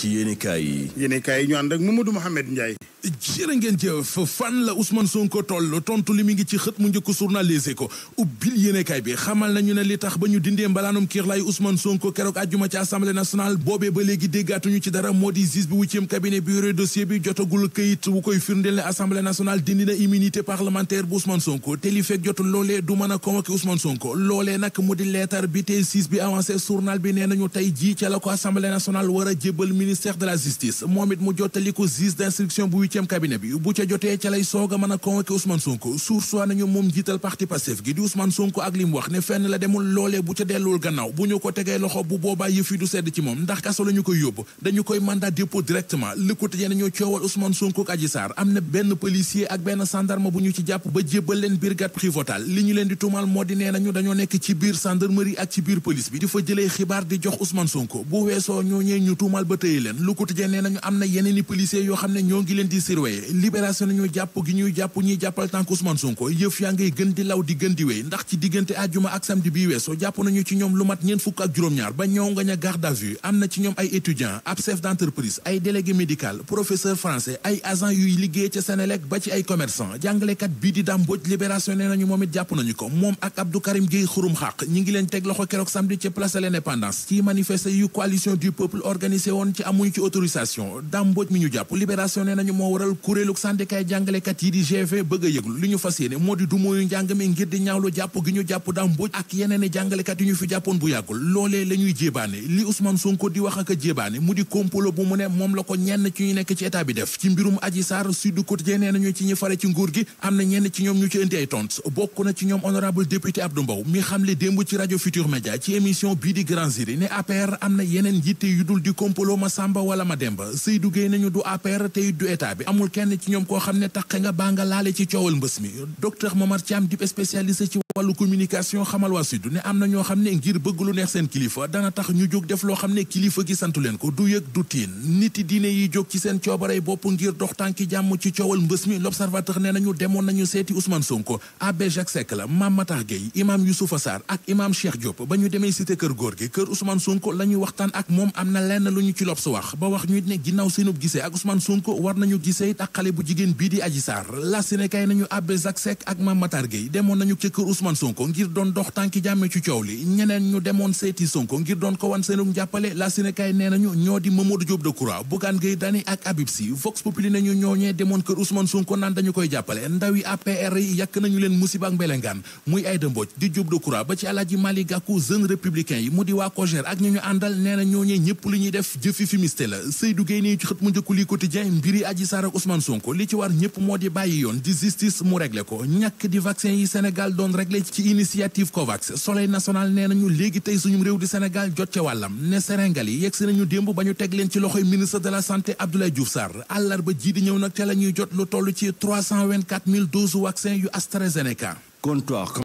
ci yéenekaay yi. yéenekaay yi ñu ànd ak Mamadou Mouhamed Ndiaye. jërë ngeen jëf fan la Ousmane Sonko toll tontu li mu ngi ci xët mu njëkk journal Les Échos ubbil yéenekaay bi xamal nañu ne li tax ba ñu dindee mbalaanum kiirlaayu Ousmane Sonko keroog àjjuma ci assemblée nationale boobee ba léegi déggaatuñu ci dara moo di juge bi huitième cabinet bi yore dossier bi jotagul këyit wu koy firndeel ne assemblée nationale dindi na immunité parlementaire bu Ousmane Sonko te li fekk jotul loolee du mën a convoquer Ousmane Sonko loolee nag mu di leetar bi te juge bi avancé journal bi nee nañu tey jii ca la ko assemblée nationale war a jébbal ministère de la justice moom it mu jottali ko juge d'instruction bu cinquième bu ca jotee ca lay soog mën a convoqué Ousmane Sonko sursoi nañu moom njiital parti Pastef gi di Ousmane Sonko ak li wax ne fenn la demul loolee bu ca delluwul gannaaw bu ñu ko tegee loxo bu boobaa yëf yi du sedd ci moom ndax kaso la koy yóbbu dañu koy mandat dépôt directement lëkkotijee nañoo coowal Ousmane Sonko ak am na benn policier ak benn gendarme bu ñu ci jàpp ba jébbal leen brigade prévôtale li ñu leen di tuumal moo di nee nañu dañoo Cissé Sirwé libération nañu jàpp gi ñuy jàpp ñuy jàppal tànk Ousmane Sonko yëf yaa ngay gën di law di gën di wéy ndax ci diggante àjjuma ak samedi bi weesoo jàpp nañu ci ñoom lu mat ñeen fukk ak juróom-ñaar ba ñoo nga ña garde à vue am na ci ñoom ay étudiant ab chef d'entreprise ay délégué médical professeur français ay agent yuy liggéey ca Senelec ba ci ay commerçant jàngalekat bii di Dame Mbodj libération nañu moom it jàpp nañu ko moom ak Abdou Karim Gueye moo waral kuréelu syndicat jàngalekat yi di GV bëgg a yëglu li ñu fas yéene moo di du mooyu njàng mi ngir di ñaawlu jàpp gi ñu jàpp daam mbóoj ak yeneen i jàngalekat yi ñu fi jàppoon bu yàggul loolee la ñuy jébaane li Ousmane Sonko di wax ak a mu di complot bu moom la ñenn ci ñu nekk ci état bi def ci mbirum Adji Sarr Sud Quotidien nee nañu ci gi am na ñenn ci ñoom ñu ci indi ay tont bokk na ci ñoom honorable député Abdou Mbow mi xamle démb ci di Grand Jury ne APR am na yeneen njiite yu dul di complot ma Samba wala ma Demba Seydou Gueye nañu du APR tey du état bi amul kenn ci ñoom koo xam ne taqe nga baa nga laale ci coowal mbës mi docteur Momar Thiam di spécialiste ci wàllu communication xamal waa Sud ne am na ñoo xam ne ngir bëgg lu neex seen kilifa dana tax ñu jóg def loo xam ne kilifa gi santu leen ko du yëg du tiin niti diine yi jóg ci seen coobarey bopp ngir dox tànki jàmm ci coowal mbës mi l'observateur ne nañu demoon nañu seeti Ousmane Sonko abbé Jacques Seck la Mame Matar Gueye imam Youssoufa Sarr ak imam Cheikh Diop ba ñu demee cité kër góor gi kër Ousmane Sonko la ñuy waxtaan ak moom am na lenn lu ñu ci L'Obs wax ba wax ñu ne ginnaaw seenub gisee ak Ousmane Sonko war nañu gisee it ak bu jigéen bii di Adji Sarr la Sénégal nañu abbé Jacques Seck ak Mame Matar Gueye Ousmane Sonko ngir doon dox tànki jàmme ci coow li ñeneen ñu demoon seeti ndawi APR yi yàkk nañu leen musiba mbelengaan muy Aïda Mbodj di Diop Decroix ba ci Alaaji Malick Gakou jeune républicain yi mu di waa COJER ak ñu àndal nee na ñooñee ñëpp li ñuy def jëfi fimiste la Seydou Gueye nii xët mu njëkku li mbiri Adji Sarr ak Ousmane Sonko li ci war ñëpp moo di bàyyi yoon di justice mu réglé ko ñàkk di vaccin yi Sénégal doon rek jagle ci initiative COVAX soleil national nee nañu léegi tey suñu réew di senegal jot ca wàllam ne Sénégal yi yegg si nañu démb ba ñu teg leen ci loxoy ministre de la santé Abdoulaye Diouf àllarba ji di ñëw nag ca la ñuy jot lu toll ci 324 000 doses vaccin yu AstraZeneca comptoir